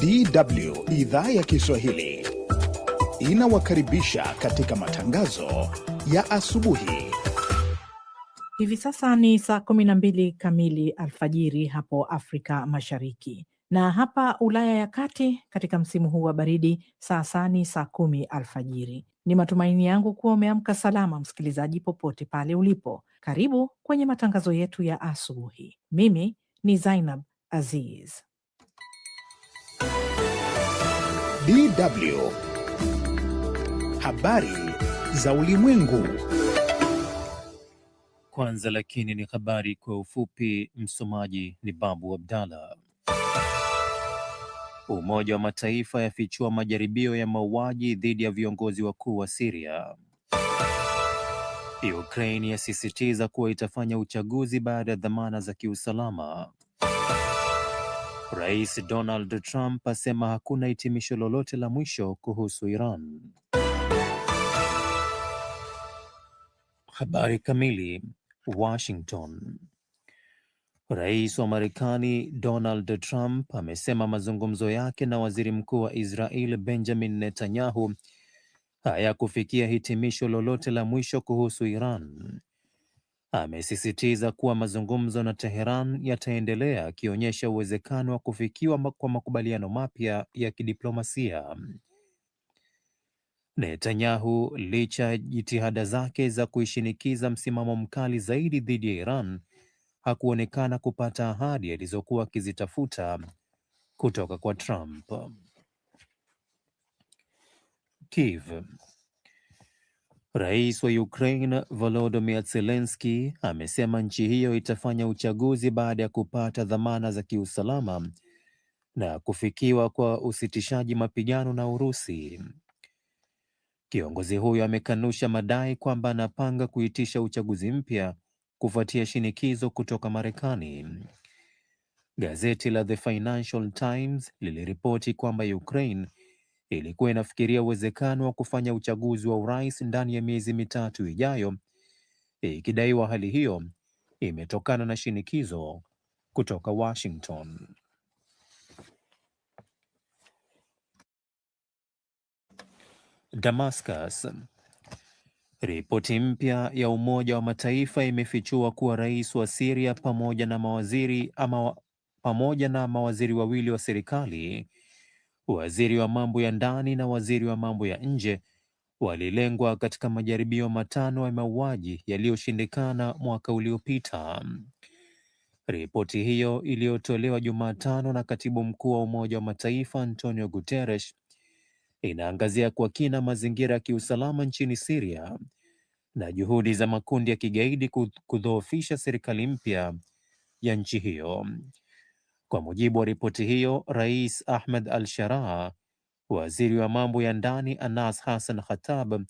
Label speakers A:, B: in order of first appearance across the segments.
A: DW idhaa ya Kiswahili inawakaribisha katika matangazo ya asubuhi.
B: Hivi sasa ni saa 12 kamili alfajiri hapo Afrika Mashariki, na hapa Ulaya ya Kati katika msimu huu wa baridi sasa ni saa kumi alfajiri. Ni matumaini yangu kuwa umeamka salama, msikilizaji, popote pale ulipo. Karibu kwenye matangazo yetu ya asubuhi. Mimi ni Zainab Aziz DW. E habari za Ulimwengu.
C: Kwanza lakini ni habari kwa ufupi, msomaji ni Babu Abdalla. Umoja wa Mataifa yafichua majaribio ya mauaji dhidi ya viongozi wakuu wa Syria. Ukraine yasisitiza kuwa itafanya uchaguzi baada ya dhamana za kiusalama. Rais Donald Trump asema hakuna hitimisho lolote la mwisho kuhusu Iran. Habari kamili. Washington. Rais wa Marekani Donald Trump amesema mazungumzo yake na waziri mkuu wa Israel Benjamin Netanyahu hayakufikia hitimisho lolote la mwisho kuhusu Iran amesisitiza kuwa mazungumzo na Teheran yataendelea, akionyesha uwezekano wa kufikiwa kwa makubaliano mapya ya kidiplomasia. Netanyahu, licha ya jitihada zake za kuishinikiza msimamo mkali zaidi dhidi ya Iran, hakuonekana kupata ahadi alizokuwa akizitafuta kutoka kwa Trump. Kiev Rais wa Ukraine Volodymyr Zelensky amesema nchi hiyo itafanya uchaguzi baada ya kupata dhamana za kiusalama na kufikiwa kwa usitishaji mapigano na Urusi. Kiongozi huyo amekanusha madai kwamba anapanga kuitisha uchaguzi mpya kufuatia shinikizo kutoka Marekani. Gazeti la The Financial Times liliripoti kwamba Ukraine ilikuwa inafikiria uwezekano wa kufanya uchaguzi wa urais ndani ya miezi mitatu ijayo, ikidaiwa hali hiyo imetokana na shinikizo kutoka Washington. Damascus. Ripoti mpya ya Umoja wa Mataifa imefichua kuwa rais wa Siria pamoja na mawaziri ama pamoja na mawaziri wawili wa serikali waziri wa mambo ya ndani na waziri wa mambo ya nje walilengwa katika majaribio matano ya mauaji yaliyoshindikana mwaka uliopita. Ripoti hiyo iliyotolewa Jumatano na katibu mkuu wa Umoja wa Mataifa Antonio Guterres inaangazia kwa kina mazingira ya kiusalama nchini Siria na juhudi za makundi ya kigaidi kudhoofisha serikali mpya ya nchi hiyo. Kwa mujibu wa ripoti hiyo, Rais Ahmed Al-Sharaa, waziri wa mambo ya ndani Anas Hassan khatab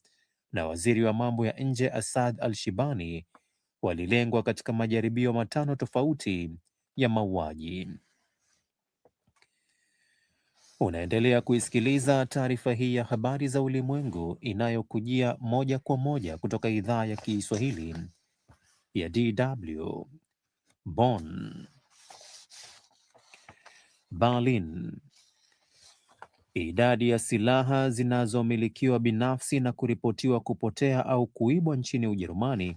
C: na waziri wa mambo ya nje Asad Al-Shibani walilengwa katika majaribio matano tofauti ya mauaji. Unaendelea kuisikiliza taarifa hii ya habari za ulimwengu inayokujia moja kwa moja kutoka idhaa ya Kiswahili ya DW Bonn. Berlin. Idadi ya silaha zinazomilikiwa binafsi na kuripotiwa kupotea au kuibwa nchini Ujerumani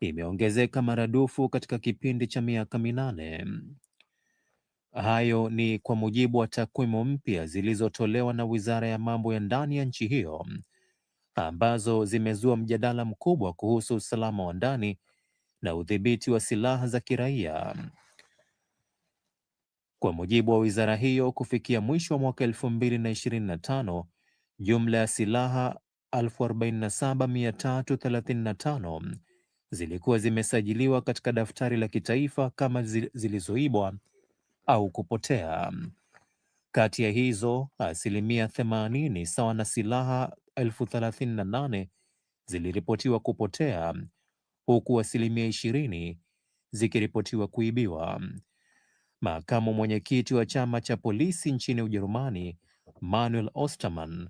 C: imeongezeka maradufu katika kipindi cha miaka minane. Hayo ni kwa mujibu wa takwimu mpya zilizotolewa na Wizara ya Mambo ya Ndani ya nchi hiyo ambazo zimezua mjadala mkubwa kuhusu usalama wa ndani na udhibiti wa silaha za kiraia. Kwa mujibu wa wizara hiyo, kufikia mwisho wa mwaka 2025, jumla ya silaha 47335 zilikuwa zimesajiliwa katika daftari la kitaifa kama zilizoibwa au kupotea. Kati ya hizo, asilimia 80 sawa na silaha 1038 ziliripotiwa kupotea huku asilimia 20 zikiripotiwa kuibiwa. Makamu mwenyekiti wa chama cha polisi nchini Ujerumani, Manuel Ostermann,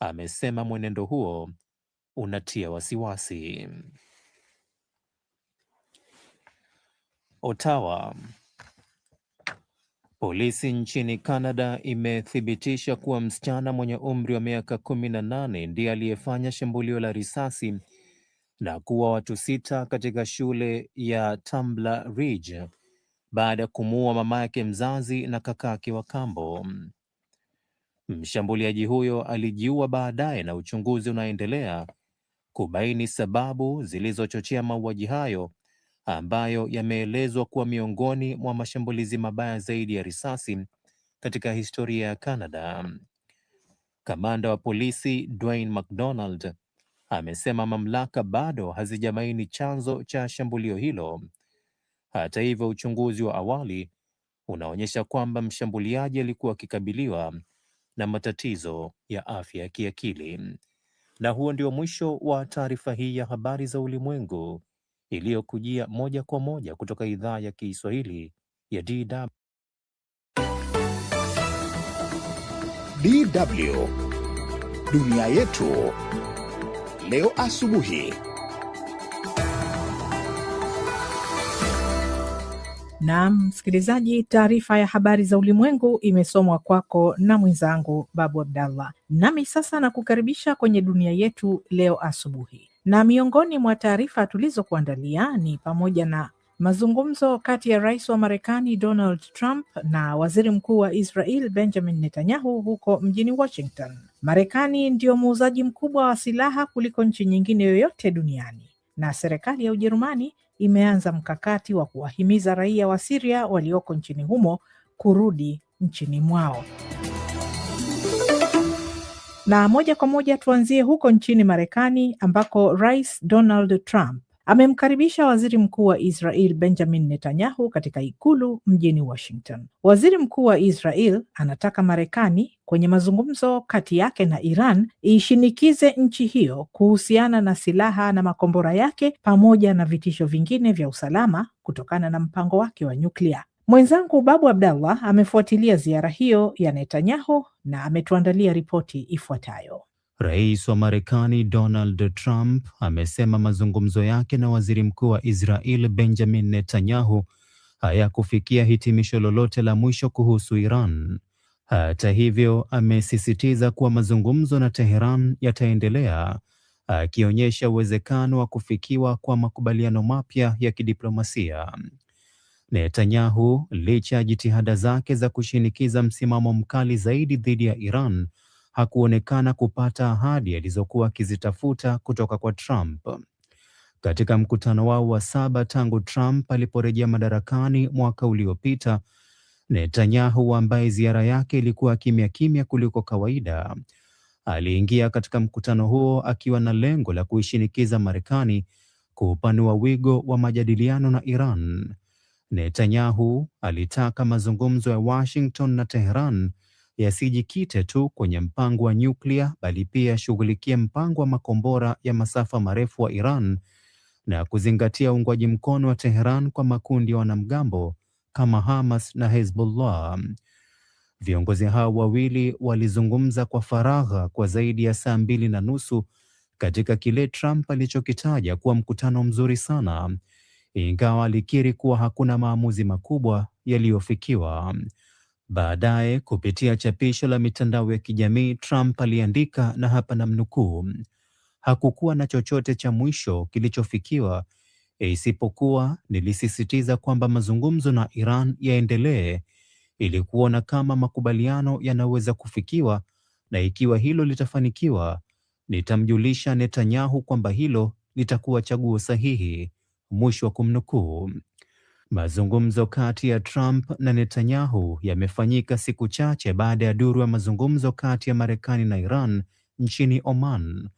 C: amesema mwenendo huo unatia wasiwasi. Ottawa. Polisi nchini Canada imethibitisha kuwa msichana mwenye umri wa miaka kumi na nane ndiye aliyefanya shambulio la risasi na kuwa watu sita katika shule ya Tumbler Ridge baada ya kumuua mama yake mzazi na kakake wa kambo. Mshambuliaji huyo alijiua baadaye na uchunguzi unaendelea kubaini sababu zilizochochea mauaji hayo ambayo yameelezwa kuwa miongoni mwa mashambulizi mabaya zaidi ya risasi katika historia ya Canada. Kamanda wa polisi Dwayne McDonald amesema mamlaka bado hazijabaini chanzo cha shambulio hilo hata hivyo, uchunguzi wa awali unaonyesha kwamba mshambuliaji alikuwa akikabiliwa na matatizo ya afya ya kiakili. Na huo ndio mwisho wa taarifa hii ya habari za ulimwengu iliyokujia moja kwa moja kutoka idhaa ya Kiswahili ya DW. DW Dunia Yetu Leo Asubuhi. nam msikilizaji, taarifa ya habari za ulimwengu imesomwa kwako na mwenzangu Babu Abdallah, nami sasa nakukaribisha kwenye dunia yetu leo asubuhi, na miongoni mwa taarifa tulizokuandalia ni pamoja na mazungumzo kati ya rais wa Marekani Donald Trump na waziri mkuu wa Israel Benjamin Netanyahu huko mjini Washington. Marekani ndiyo muuzaji mkubwa wa silaha kuliko nchi nyingine yoyote duniani, na serikali ya Ujerumani imeanza mkakati wa kuwahimiza raia wa siria walioko nchini humo kurudi nchini mwao. Na moja kwa moja tuanzie huko nchini Marekani ambako Rais Donald Trump amemkaribisha waziri mkuu wa Israel Benjamin Netanyahu katika ikulu mjini Washington. Waziri mkuu wa Israel anataka Marekani kwenye mazungumzo kati yake na Iran ishinikize nchi hiyo kuhusiana na silaha na makombora yake pamoja na vitisho vingine vya usalama kutokana na mpango wake wa nyuklia. Mwenzangu Babu Abdallah amefuatilia ziara hiyo ya Netanyahu na ametuandalia ripoti ifuatayo. Rais wa Marekani Donald Trump amesema mazungumzo yake na Waziri Mkuu wa Israel Benjamin Netanyahu hayakufikia hitimisho lolote la mwisho kuhusu Iran. Hata hivyo, amesisitiza kuwa mazungumzo na Teheran yataendelea, akionyesha uwezekano wa kufikiwa kwa makubaliano mapya ya kidiplomasia. Netanyahu, licha ya jitihada zake za kushinikiza msimamo mkali zaidi dhidi ya Iran, hakuonekana kupata ahadi alizokuwa akizitafuta kutoka kwa Trump. Katika mkutano wao wa saba tangu Trump aliporejea madarakani mwaka uliopita, Netanyahu ambaye ziara yake ilikuwa kimya kimya kuliko kawaida, aliingia katika mkutano huo akiwa na lengo la kuishinikiza Marekani kuupanua wigo wa majadiliano na Iran. Netanyahu alitaka mazungumzo ya Washington na Tehran yasijikite tu kwenye mpango wa nyuklia bali pia yashughulikie mpango wa makombora ya masafa marefu wa Iran na kuzingatia uungwaji mkono wa Tehran kwa makundi ya wanamgambo kama Hamas na Hezbollah. Viongozi hao wawili walizungumza kwa faragha kwa zaidi ya saa mbili na nusu katika kile Trump alichokitaja kuwa mkutano mzuri sana, ingawa alikiri kuwa hakuna maamuzi makubwa yaliyofikiwa. Baadaye kupitia chapisho la mitandao ya kijamii, Trump aliandika na hapa namnukuu, hakukuwa na chochote cha mwisho kilichofikiwa isipokuwa nilisisitiza kwamba mazungumzo na Iran yaendelee ili kuona kama makubaliano yanaweza kufikiwa, na ikiwa hilo litafanikiwa, nitamjulisha Netanyahu kwamba hilo litakuwa chaguo sahihi, mwisho wa kumnukuu. Mazungumzo kati ya Trump na Netanyahu yamefanyika siku chache baada ya duru ya mazungumzo kati ya Marekani na Iran nchini Oman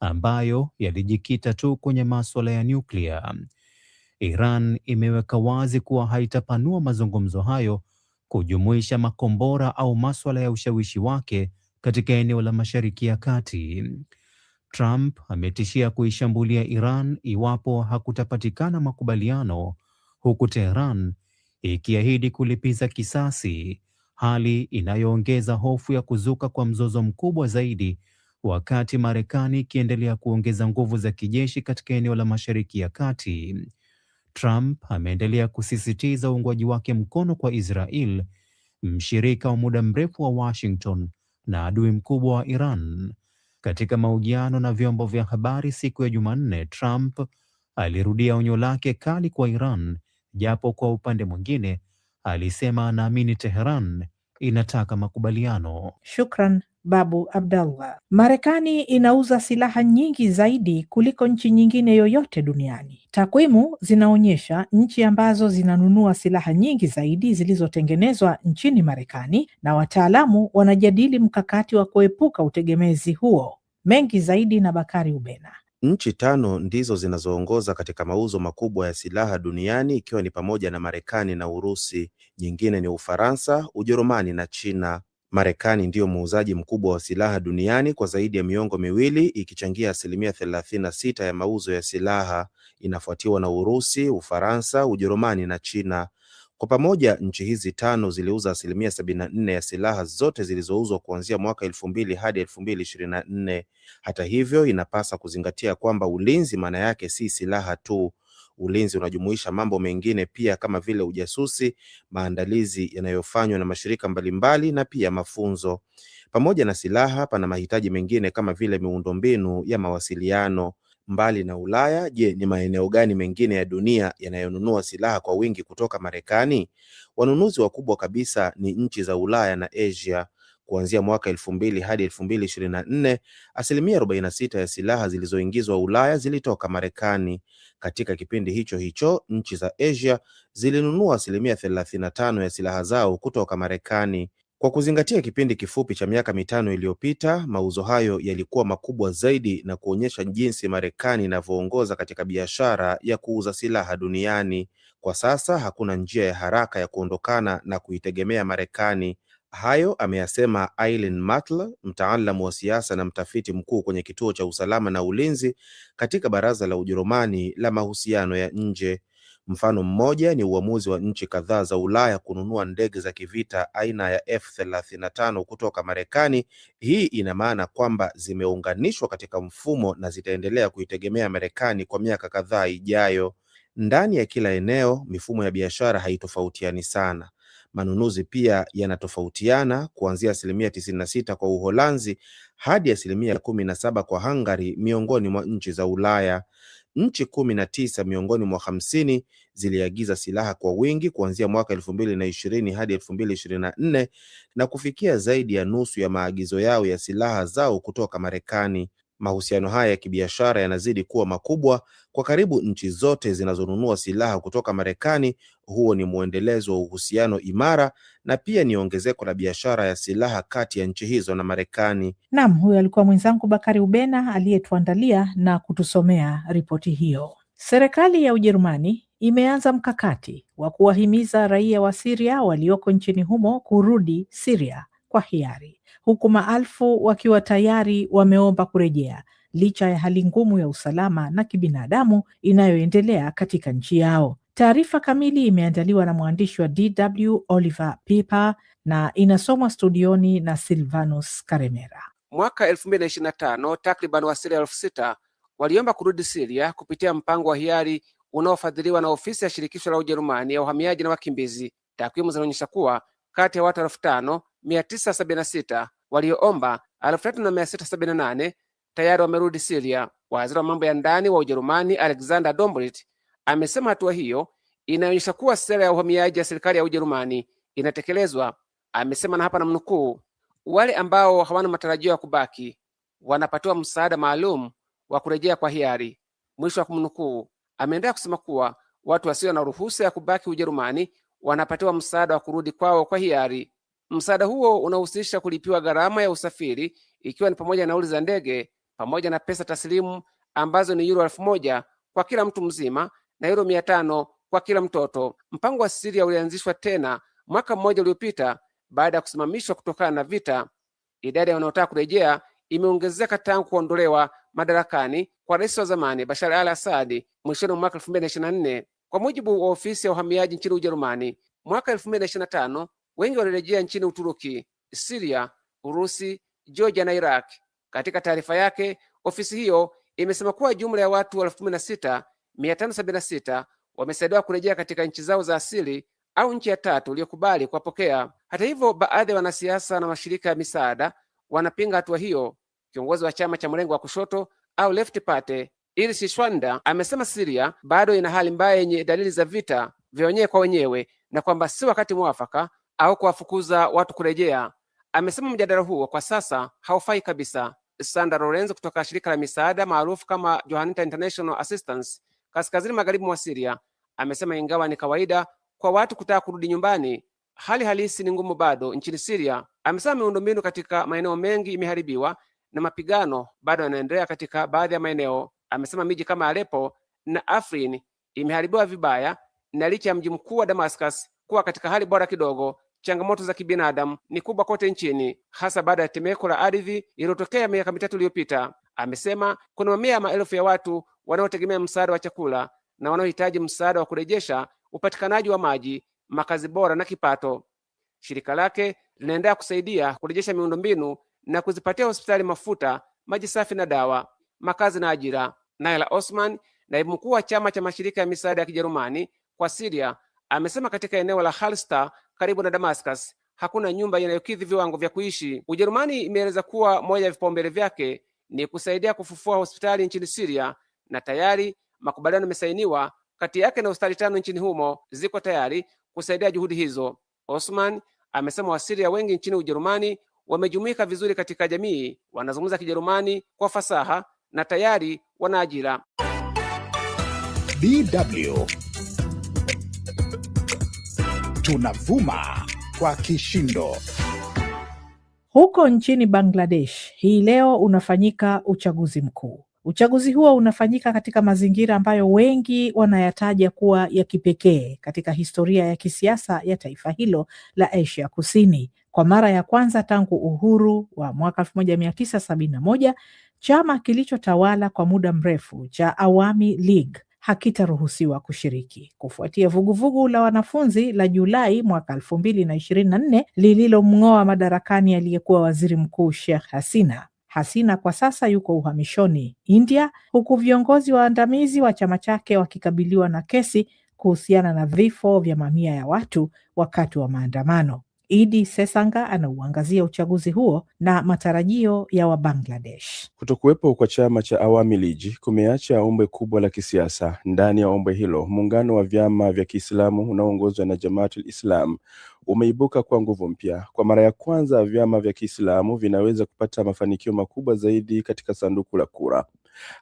C: ambayo yalijikita tu kwenye masuala ya nyuklia. Iran imeweka wazi kuwa haitapanua mazungumzo hayo kujumuisha makombora au masuala ya ushawishi wake katika eneo la Mashariki ya Kati. Trump ametishia kuishambulia Iran iwapo hakutapatikana makubaliano huku Tehran ikiahidi kulipiza kisasi, hali inayoongeza hofu ya kuzuka kwa mzozo mkubwa zaidi, wakati Marekani ikiendelea kuongeza nguvu za kijeshi katika eneo la Mashariki ya Kati. Trump ameendelea kusisitiza uungwaji wake mkono kwa Israel, mshirika wa muda mrefu wa Washington na adui mkubwa wa Iran. Katika mahojiano na vyombo vya habari siku ya Jumanne, Trump alirudia onyo lake kali kwa Iran japo kwa upande mwingine alisema anaamini Teheran inataka makubaliano. Shukran Babu Abdallah. Marekani inauza silaha nyingi zaidi kuliko nchi nyingine yoyote duniani. Takwimu zinaonyesha nchi ambazo zinanunua silaha nyingi zaidi zilizotengenezwa nchini Marekani, na wataalamu wanajadili mkakati wa kuepuka utegemezi huo. Mengi zaidi na Bakari Ubena. Nchi tano ndizo zinazoongoza katika mauzo makubwa ya silaha duniani ikiwa ni pamoja na Marekani na Urusi, nyingine ni Ufaransa, Ujerumani na China. Marekani ndiyo muuzaji mkubwa wa silaha duniani kwa zaidi ya miongo miwili ikichangia asilimia thelathini na sita ya mauzo ya silaha, inafuatiwa na Urusi, Ufaransa, Ujerumani na China. Kwa pamoja nchi hizi tano ziliuza asilimia sabini na nne ya silaha zote zilizouzwa kuanzia mwaka elfu mbili hadi elfu mbili ishirini na nne. Hata hivyo, inapasa kuzingatia kwamba ulinzi maana yake si silaha tu. Ulinzi unajumuisha mambo mengine pia kama vile ujasusi, maandalizi yanayofanywa na mashirika mbalimbali na pia mafunzo. Pamoja na silaha, pana mahitaji mengine kama vile miundombinu ya mawasiliano. Mbali na Ulaya, je, ni maeneo gani mengine ya dunia yanayonunua silaha kwa wingi kutoka Marekani? Wanunuzi wakubwa kabisa ni nchi za Ulaya na Asia. Kuanzia mwaka elfu mbili hadi elfu mbili ishirini na nne asilimia arobaini na sita ya silaha zilizoingizwa Ulaya zilitoka Marekani. Katika kipindi hicho hicho, nchi za Asia zilinunua asilimia thelathini na tano ya silaha zao kutoka Marekani. Kwa kuzingatia kipindi kifupi cha miaka mitano iliyopita, mauzo hayo yalikuwa makubwa zaidi na kuonyesha jinsi Marekani inavyoongoza katika biashara ya kuuza silaha duniani. Kwa sasa hakuna njia ya haraka ya kuondokana na kuitegemea Marekani. Hayo ameyasema Eileen Mattel, mtaalamu wa siasa na mtafiti mkuu kwenye kituo cha usalama na ulinzi katika baraza la Ujerumani la mahusiano ya nje. Mfano mmoja ni uamuzi wa nchi kadhaa za Ulaya kununua ndege za kivita aina ya F-35 kutoka Marekani. Hii ina maana kwamba zimeunganishwa katika mfumo na zitaendelea kuitegemea Marekani kwa miaka kadhaa ijayo. Ndani ya kila eneo, mifumo ya biashara haitofautiani sana. Manunuzi pia yanatofautiana kuanzia asilimia tisini na sita kwa Uholanzi hadi asilimia kumi na saba kwa Hungary miongoni mwa nchi za Ulaya. Nchi kumi na tisa miongoni mwa hamsini ziliagiza silaha kwa wingi kuanzia mwaka elfu mbili na ishirini hadi elfu mbili ishirini na nne na kufikia zaidi ya nusu ya maagizo yao ya silaha zao kutoka Marekani. Mahusiano haya ya kibiashara yanazidi kuwa makubwa kwa karibu nchi zote zinazonunua silaha kutoka Marekani huo ni mwendelezo wa uhusiano imara na pia ni ongezeko la biashara ya silaha kati ya nchi hizo na Marekani. Naam, huyo alikuwa mwenzangu Bakari Ubena aliyetuandalia na kutusomea ripoti hiyo. Serikali ya Ujerumani imeanza mkakati wa kuwahimiza raia wa Siria walioko nchini humo kurudi Siria kwa hiari, huku maelfu wakiwa tayari wameomba kurejea licha ya hali ngumu ya usalama na kibinadamu inayoendelea katika nchi yao. Taarifa kamili imeandaliwa na mwandishi wa DW Oliver Piper na inasomwa studioni na Silvanus Karemera. Mwaka elfu takriban wasiria elfu sita waliomba kurudi Siria kupitia mpango wa hiari unaofadhiliwa na ofisi ya shirikisho la Ujerumani ya uhamiaji na wakimbizi. Takwimu zinaonyesha kuwa kati ya watu elfu tano mia tisa sabini na sita walioomba elfu tatu na mia sita sabini na nane tayari wamerudi Siria. Waziri wa mambo ya ndani wa Ujerumani Alexander Dombrit amesema hatua hiyo inaonyesha kuwa sera ya uhamiaji ya serikali ya Ujerumani inatekelezwa. Amesema na hapa na mnukuu wale ambao hawana matarajio ya kubaki wanapatiwa msaada maalum wa kurejea kwa hiari, mwisho wa kumnukuu. Ameendelea kusema kuwa watu wasio na ruhusa ya kubaki Ujerumani wanapatiwa msaada wa kurudi kwao kwa hiari. Msaada huo unahusisha kulipiwa gharama ya usafiri ikiwa ni pamoja na nauli za ndege pamoja na pesa taslimu ambazo ni euro elfu moja kwa kila mtu mzima na euro mia tano kwa kila mtoto. Mpango wa Siria ulianzishwa tena mwaka mmoja uliopita baada ya kusimamishwa kutokana na vita. Idadi ya wanaotaka kurejea imeongezeka tangu kuondolewa madarakani kwa rais wa zamani Bashar al Assad mwishoni mwa mwaka nne. kwa mujibu wa ofisi ya uhamiaji nchini Ujerumani. Mwaka tano wengi walirejea nchini Uturuki, Siria, Urusi, Georgia na Iraq. Katika taarifa yake, ofisi hiyo imesema kuwa jumla ya watu elfu kumi na sita 576 wamesaidiwa kurejea katika nchi zao za asili au nchi ya tatu iliyokubali kuwapokea. Hata hivyo, baadhi ya wanasiasa na mashirika ya misaada wanapinga hatua hiyo. Kiongozi wa chama cha mrengo wa kushoto au Left Party Irish Shwanda amesema Siria bado ina hali mbaya yenye dalili za vita vya wenyewe kwa wenyewe na kwamba si wakati mwafaka au kuwafukuza watu kurejea. Amesema mjadala huo kwa sasa haufai kabisa. Sandra Lorenzo kutoka shirika la misaada maarufu kama Johanita International Assistance kaskazini magharibi mwa Syria amesema ingawa ni kawaida kwa watu kutaka kurudi nyumbani, hali halisi ni ngumu bado nchini Syria. Amesema miundombinu katika maeneo mengi imeharibiwa na mapigano bado yanaendelea katika baadhi ya maeneo. Amesema miji kama Aleppo na Afrin imeharibiwa vibaya, na licha ya mji mkuu wa Damascus kuwa katika hali bora kidogo, changamoto za kibinadamu ni kubwa kote nchini, hasa baada ya tetemeko la ardhi iliyotokea miaka mitatu iliyopita. Amesema kuna mamia ya maelfu ya watu wanaotegemea msaada wa chakula na wanaohitaji msaada wa kurejesha upatikanaji wa maji, makazi bora na kipato. Shirika lake linaendelea kusaidia kurejesha miundombinu na kuzipatia hospitali mafuta, maji safi na dawa, makazi na ajira. Naila Osman, naibu mkuu wa chama cha mashirika ya misaada ya Kijerumani kwa Siria, amesema katika eneo la Halsta karibu na Damascus hakuna nyumba inayokidhi viwango vya kuishi. Ujerumani imeeleza kuwa moja ya vipaumbele vyake ni kusaidia kufufua hospitali nchini Siria na tayari makubaliano yamesainiwa kati yake na hospitali tano nchini humo ziko tayari kusaidia juhudi hizo. Osman amesema Wasiria wengi nchini Ujerumani wamejumuika vizuri katika jamii, wanazungumza Kijerumani kwa fasaha na tayari wana ajira. DW tunavuma kwa kishindo. Huko nchini Bangladesh hii leo unafanyika uchaguzi mkuu. Uchaguzi huo unafanyika katika mazingira ambayo wengi wanayataja kuwa ya kipekee katika historia ya kisiasa ya taifa hilo la Asia Kusini. Kwa mara ya kwanza tangu uhuru wa mwaka 1971 chama kilichotawala kwa muda mrefu cha Awami League hakitaruhusiwa kushiriki kufuatia vuguvugu vugu la wanafunzi la Julai mwaka elfu mbili na ishirini na nne lililomng'oa madarakani aliyekuwa waziri mkuu Sheikh Hasina. Hasina kwa sasa yuko uhamishoni India, huku viongozi waandamizi wa chama chake wakikabiliwa na kesi kuhusiana na vifo vya mamia ya watu wakati wa maandamano. Idi Sesanga anauangazia uchaguzi huo na matarajio ya Wabangladesh. Kutokuwepo kwa chama cha Awami liji kumeacha ombwe kubwa la kisiasa. Ndani ya ombwe hilo, muungano wa vyama vya Kiislamu unaoongozwa na Jamaatul Islam umeibuka kwa nguvu mpya. Kwa mara ya kwanza, vyama vya Kiislamu vinaweza kupata mafanikio makubwa zaidi katika sanduku la kura.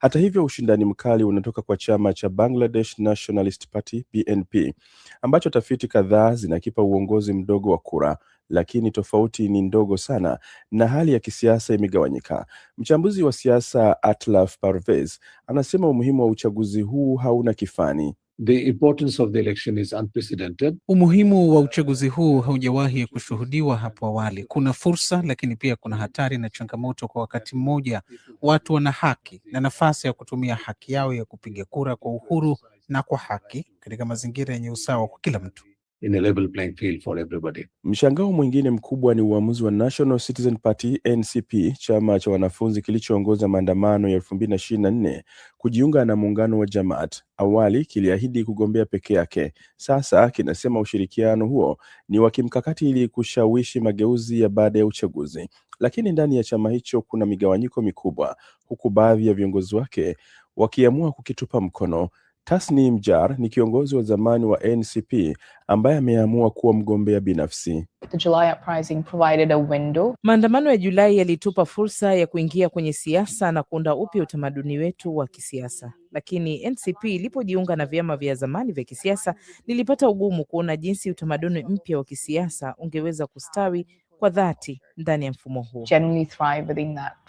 C: Hata hivyo, ushindani mkali unatoka kwa chama cha Bangladesh Nationalist Party BNP ambacho tafiti kadhaa zinakipa uongozi mdogo wa kura lakini tofauti ni ndogo sana na hali ya kisiasa imegawanyika. Mchambuzi wa siasa Atlaf Parvez anasema umuhimu wa uchaguzi huu hauna kifani. The importance of the election is unprecedented. Umuhimu wa uchaguzi huu haujawahi kushuhudiwa hapo awali. Kuna fursa, lakini pia kuna hatari na changamoto kwa wakati mmoja. Watu wana haki na nafasi ya kutumia haki yao ya kupiga kura kwa uhuru na kwa haki katika mazingira yenye usawa kwa kila mtu in a level playing field for everybody. Mshangao mwingine mkubwa ni uamuzi wa National Citizen Party NCP, chama cha wanafunzi kilichoongoza maandamano ya elfu mbili na kujiunga na muungano wa Jamaat. Awali kiliahidi kugombea peke yake, sasa kinasema ushirikiano huo ni wa kimkakati ili kushawishi mageuzi ya baada ya uchaguzi. Lakini ndani ya chama hicho kuna migawanyiko mikubwa, huku baadhi ya viongozi wake wakiamua kukitupa mkono. Tasnim Jar ni kiongozi wa zamani wa NCP ambaye ameamua kuwa mgombea binafsi. Maandamano ya Julai yalitupa fursa ya kuingia kwenye siasa na kuunda upya utamaduni wetu wa kisiasa, lakini NCP ilipojiunga na vyama vya zamani vya kisiasa, nilipata ugumu kuona jinsi utamaduni mpya wa kisiasa ungeweza kustawi kwa dhati ndani ya mfumo huu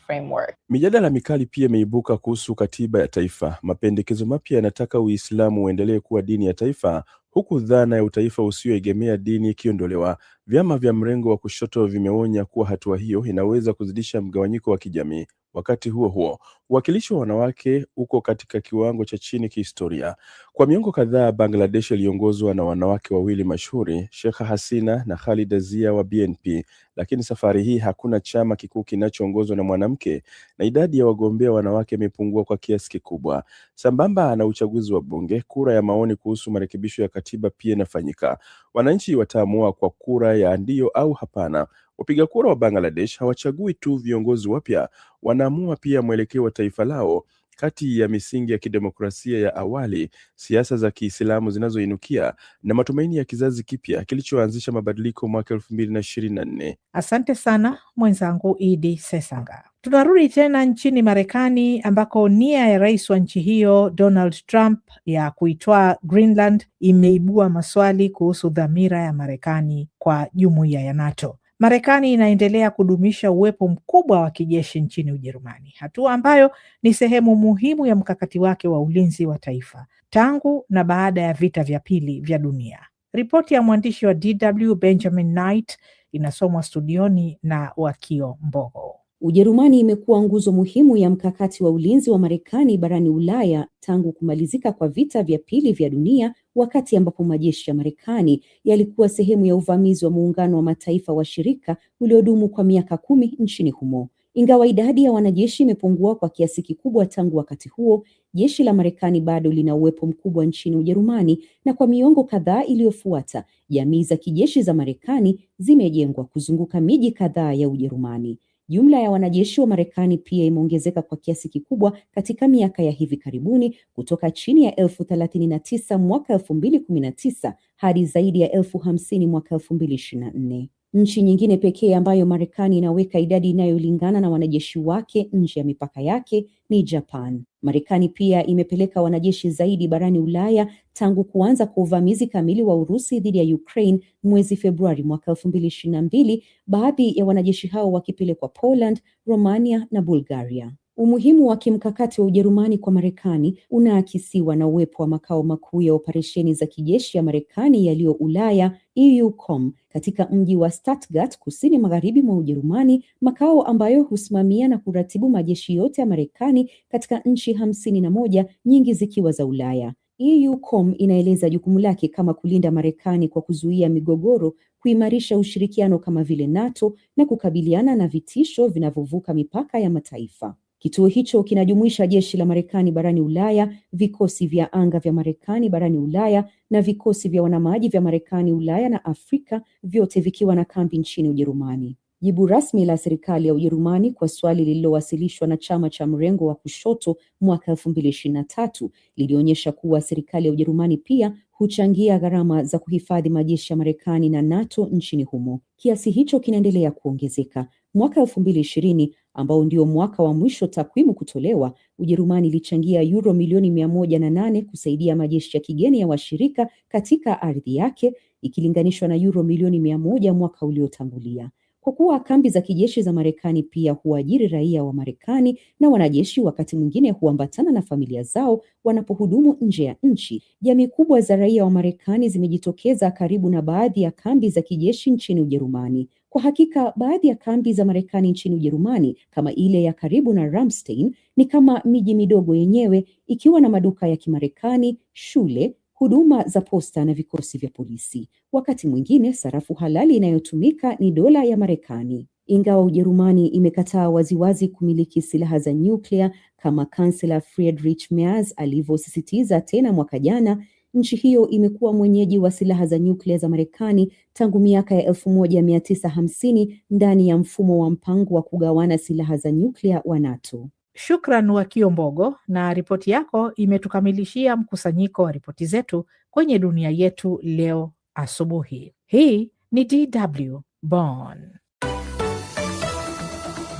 C: framework. Mijadala mikali pia imeibuka kuhusu katiba ya taifa. Mapendekezo mapya yanataka Uislamu uendelee kuwa dini ya taifa huku dhana ya utaifa usioegemea dini ikiondolewa. Vyama vya mrengo wa kushoto vimeonya kuwa hatua hiyo inaweza kuzidisha mgawanyiko wa kijamii. Wakati huo huo, uwakilishi wa wanawake uko katika kiwango cha chini kihistoria. Kwa miongo kadhaa, Bangladesh iliongozwa na wanawake wawili mashuhuri, shekha Hasina na Khalida Zia wa BNP, lakini safari hii hakuna chama kikuu kinachoongozwa na mwanamke na idadi ya wagombea wanawake imepungua kwa kiasi kikubwa. Sambamba na uchaguzi wa bunge, kura ya maoni kuhusu marekebisho ya katiba pia inafanyika. Wananchi wataamua kwa kura ya ndio au hapana Wapiga kura wa Bangladesh hawachagui tu viongozi wapya, wanaamua pia mwelekeo wa taifa lao kati ya misingi ya kidemokrasia ya awali, siasa za Kiislamu zinazoinukia na matumaini ya kizazi kipya kilichoanzisha mabadiliko mwaka elfu mbili na ishirini na nne. Asante sana mwenzangu Idi Sesanga. Tunarudi tena nchini Marekani ambako nia ya rais wa nchi hiyo Donald Trump ya kuitwaa Greenland imeibua maswali kuhusu dhamira ya Marekani kwa jumuiya ya NATO. Marekani inaendelea kudumisha uwepo mkubwa wa kijeshi nchini Ujerumani, hatua ambayo ni sehemu muhimu ya mkakati wake wa ulinzi wa taifa tangu na baada ya vita vya pili vya dunia. Ripoti ya mwandishi wa DW Benjamin Knight inasomwa studioni na Wakio Mbogo. Ujerumani imekuwa nguzo muhimu ya mkakati wa ulinzi wa Marekani barani Ulaya tangu kumalizika kwa vita vya pili vya dunia, wakati ambapo majeshi ya Marekani yalikuwa sehemu ya uvamizi wa muungano wa mataifa washirika uliodumu kwa miaka kumi nchini humo. Ingawa idadi ya wanajeshi imepungua kwa kiasi kikubwa tangu wakati huo, jeshi la Marekani bado lina uwepo mkubwa nchini Ujerumani, na kwa miongo kadhaa iliyofuata, jamii za kijeshi za Marekani zimejengwa kuzunguka miji kadhaa ya Ujerumani. Jumla ya wanajeshi wa Marekani pia imeongezeka kwa kiasi kikubwa katika miaka ya hivi karibuni kutoka chini ya elfu thelathini na tisa mwaka elfu mbili kumi na tisa hadi zaidi ya elfu hamsini mwaka elfu mbili ishirini na nne. Nchi nyingine pekee ambayo Marekani inaweka idadi inayolingana na wanajeshi wake nje ya mipaka yake ni Japan. Marekani pia imepeleka wanajeshi zaidi barani Ulaya tangu kuanza kwa uvamizi kamili wa Urusi dhidi ya Ukraine mwezi Februari mwaka elfu mbili ishirini na mbili, baadhi ya wanajeshi hao wakipelekwa Poland, Romania na Bulgaria. Umuhimu wa kimkakati wa Ujerumani kwa Marekani unaakisiwa na uwepo wa makao makuu ya operesheni za kijeshi ya Marekani yaliyo Ulaya EUCOM katika mji wa Stuttgart kusini magharibi mwa Ujerumani, makao ambayo husimamia na kuratibu majeshi yote ya Marekani katika nchi hamsini na moja, nyingi zikiwa za Ulaya. EUCOM inaeleza jukumu lake kama kulinda Marekani kwa kuzuia migogoro, kuimarisha ushirikiano kama vile NATO na kukabiliana na vitisho vinavyovuka mipaka ya mataifa. Kituo hicho kinajumuisha jeshi la Marekani barani Ulaya, vikosi vya anga vya Marekani barani Ulaya na vikosi vya wanamaji vya Marekani Ulaya na Afrika, vyote vikiwa na kambi nchini Ujerumani. Jibu rasmi la serikali ya Ujerumani kwa swali lililowasilishwa na chama cha mrengo wa kushoto mwaka elfu mbili ishirini na tatu lilionyesha kuwa serikali ya Ujerumani pia huchangia gharama za kuhifadhi majeshi ya Marekani na NATO nchini humo. Kiasi hicho kinaendelea kuongezeka. Mwaka elfu mbili ishirini ambao ndio mwaka wa mwisho takwimu kutolewa, Ujerumani ilichangia euro milioni mia moja na nane kusaidia majeshi ya kigeni ya washirika katika ardhi yake ikilinganishwa na euro milioni mia moja mwaka uliotangulia. Kwa kuwa kambi za kijeshi za Marekani pia huajiri raia wa Marekani na wanajeshi wakati mwingine huambatana na familia zao wanapohudumu nje ya nchi, jamii kubwa za raia wa Marekani zimejitokeza karibu na baadhi ya kambi za kijeshi nchini Ujerumani. Kwa hakika baadhi ya kambi za Marekani nchini Ujerumani kama ile ya karibu na Ramstein ni kama miji midogo yenyewe ikiwa na maduka ya Kimarekani, shule, huduma za posta na vikosi vya polisi. Wakati mwingine sarafu halali inayotumika ni dola ya Marekani. Ingawa Ujerumani imekataa waziwazi kumiliki silaha za nyuklia kama Kansela Friedrich Merz alivyosisitiza tena mwaka jana, nchi hiyo imekuwa mwenyeji wa silaha za nyuklia za Marekani tangu miaka ya elfu moja mia tisa hamsini ndani ya mfumo wa mpango wa kugawana silaha za nyuklia wa NATO. Shukran wa Kiombogo, na ripoti yako imetukamilishia mkusanyiko wa ripoti zetu kwenye dunia yetu leo asubuhi. Hii ni DW Bonn.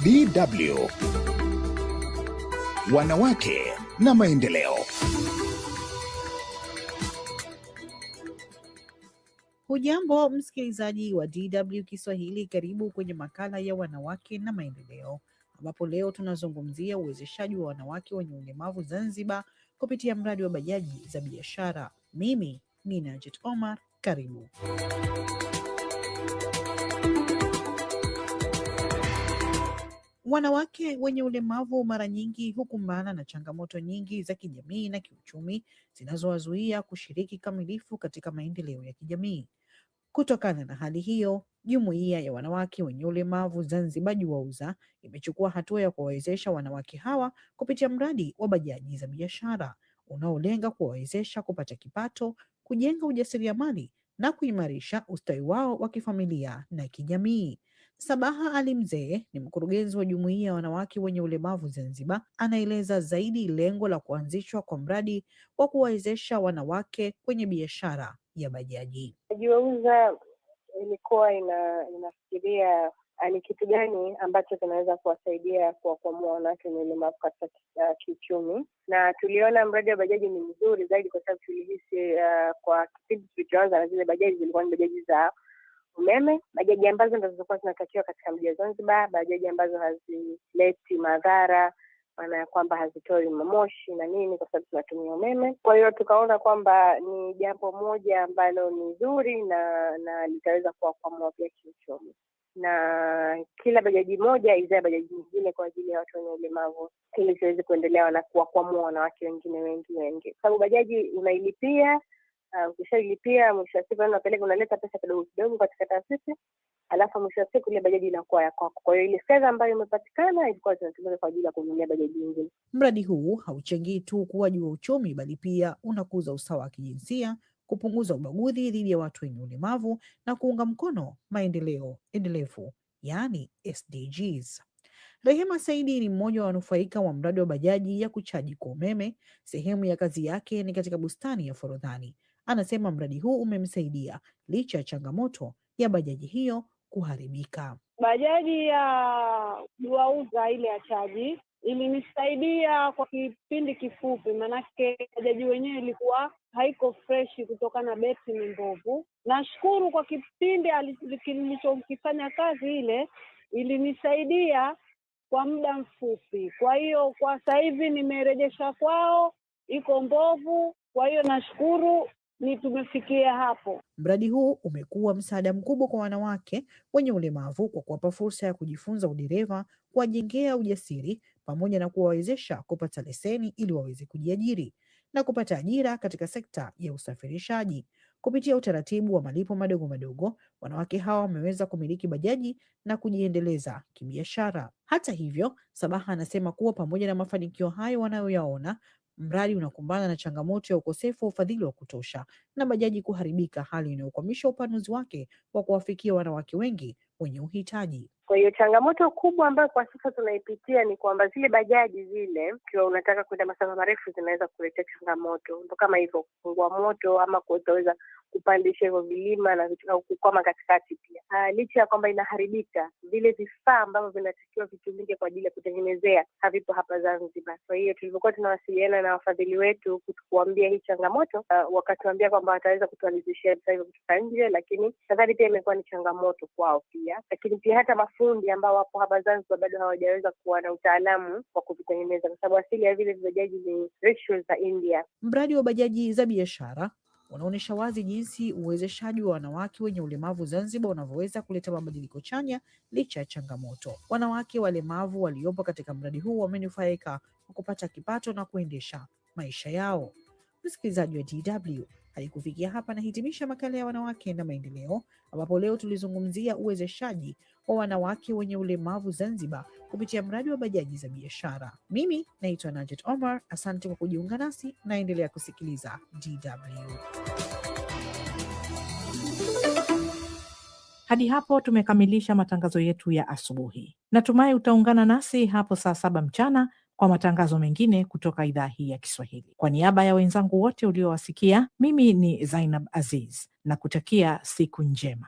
C: DW wanawake na maendeleo. Hujambo msikilizaji wa DW Kiswahili, karibu kwenye makala ya wanawake na maendeleo, ambapo leo tunazungumzia uwezeshaji wa wanawake wenye ulemavu Zanzibar kupitia mradi wa bajaji za biashara. Mimi ni Najet Omar, karibu. Wanawake wenye ulemavu mara nyingi hukumbana na changamoto nyingi za kijamii na kiuchumi zinazowazuia kushiriki kamilifu katika maendeleo ya kijamii. Kutokana na hali hiyo, jumuiya ya wanawake wenye ulemavu Zanzibar JUWAUZA imechukua hatua ya kuwawezesha wanawake hawa kupitia mradi wa bajaji za biashara unaolenga kuwawezesha kupata kipato, kujenga ujasiriamali na kuimarisha ustawi wao wa kifamilia na kijamii. Sabaha Ali Mzee ni mkurugenzi wa jumuiya ya wanawake wenye ulemavu Zanzibar, anaeleza zaidi lengo la kuanzishwa kwa mradi wa kuwawezesha wanawake kwenye biashara ya bajaji. Jiwauza ilikuwa ina, inafikiria ni kitu gani ambacho kinaweza kuwasaidia kuwakwamua wanawake wenye ulemavu katika uh, kiuchumi, na tuliona mradi wa bajaji ni mzuri zaidi kwa sababu tulihisi uh, kwa kipindi tulichoanza na zile bajaji zilikuwa ni bajaji za umeme, bajaji ambazo ndo zilizokuwa zinatakiwa katika mji wa Zanzibar, bajaji ambazo hazileti madhara maana ya kwamba hazitoi mamoshi na nini, kwa sababu tunatumia umeme. Kwa hiyo tukaona kwamba ni jambo moja ambalo ni zuri na na litaweza kuwakwamua pia kiuchumi na kila bajaji moja izae bajaji nyingine kwa ajili ya watu wenye ulemavu ili ziweze kuendelea na kuwakwamua wanawake wengine wengi wengi, kwa sababu bajaji unailipia Ah, ukishailipia, mwisho wa siku yaani unapeleka unaleta pesa kidogo kidogo katika taasisi, alafu mwisho wa siku ile bajaji inakuwa ya kwako. Kwa hiyo ile fedha ambayo imepatikana ilikuwa zinatumika kwa ajili ya kununulia bajaji nyingine. Mradi huu hauchangii tu ukuaji wa uchumi, bali pia unakuza usawa wa kijinsia, kupunguza ubaguzi dhidi ya watu wenye ulemavu na kuunga mkono maendeleo endelevu, yaani SDGs. Rehema Saidi ni mmoja wa wanufaika wa mradi wa bajaji ya kuchaji kwa umeme. Sehemu ya kazi yake ni katika bustani ya Forodhani anasema mradi huu umemsaidia licha ya changamoto ya bajaji hiyo kuharibika. Bajaji ya Duauza ile ya chaji ilinisaidia kwa kipindi kifupi, maanake bajaji wenyewe ilikuwa haiko freshi kutokana na beti ni mbovu. Nashukuru kwa kipindi kilichokifanya kazi ile ilinisaidia kwa muda mfupi. Kwa hiyo kwa sasa hivi nimerejesha kwao, iko mbovu. Kwa hiyo nashukuru, ni tumefikia hapo. Mradi huu umekuwa msaada mkubwa kwa wanawake wenye ulemavu kwa kuwapa fursa ya kujifunza udereva, kuwajengea ujasiri pamoja na kuwawezesha kupata leseni ili waweze kujiajiri na kupata ajira katika sekta ya usafirishaji. Kupitia utaratibu wa malipo madogo madogo, wanawake hawa wameweza kumiliki bajaji na kujiendeleza kibiashara. Hata hivyo, Sabaha anasema kuwa pamoja na mafanikio hayo wanayoyaona, mradi unakumbana na changamoto ya ukosefu wa ufadhili wa kutosha na bajaji kuharibika, hali inayokwamisha upanuzi wake wa kuwafikia wanawake wengi wenye uhitaji. Kwa hiyo changamoto kubwa ambayo kwa sasa tunaipitia ni kwamba zile bajaji zile, ukiwa unataka kwenda masafa marefu, zinaweza kuletea changamoto ndo kama hivyo, kufungua moto ama kutoweza kupandisha hivyo vilima na au kukwama katikati. Uh, licha ya kwamba inaharibika, vile vifaa ambavyo vinatakiwa vitumike kwa ajili ya kutengenezea havipo hapa Zanzibar. Kwa hiyo tulivyokuwa tunawasiliana na wafadhili wetu kuambia hii changamoto uh, wakatuambia kwamba wataweza kutualizishia vifaa hivyo kutoka nje, lakini nadhani pia imekuwa ni changamoto kwao pia, lakini pia hata mafundi ambao wapo hapa Zanzibar bado hawajaweza kuwa na utaalamu wa kuvitengeneza, kwa sababu asili ya vile vibajaji ni za India. Mradi wa bajaji za biashara unaonyesha wazi jinsi uwezeshaji wa wanawake wenye ulemavu Zanzibar unavyoweza kuleta mabadiliko chanya licha ya changamoto. Wanawake walemavu waliopo katika mradi huu wamenufaika kwa kupata kipato na kuendesha maisha yao. Msikilizaji wa DW, hadi kufikia hapa nahitimisha makala ya wanawake na maendeleo, ambapo leo tulizungumzia uwezeshaji kwa wanawake wenye ulemavu Zanzibar kupitia mradi wa bajaji za biashara. Mimi naitwa Najet Omar, asante kwa kujiunga nasi, naendelea kusikiliza DW. Hadi hapo tumekamilisha matangazo yetu ya asubuhi. Natumai utaungana nasi hapo saa saba mchana kwa matangazo mengine kutoka idhaa hii ya Kiswahili. Kwa niaba ya wenzangu wote uliowasikia, mimi ni Zainab Aziz na kutakia siku njema.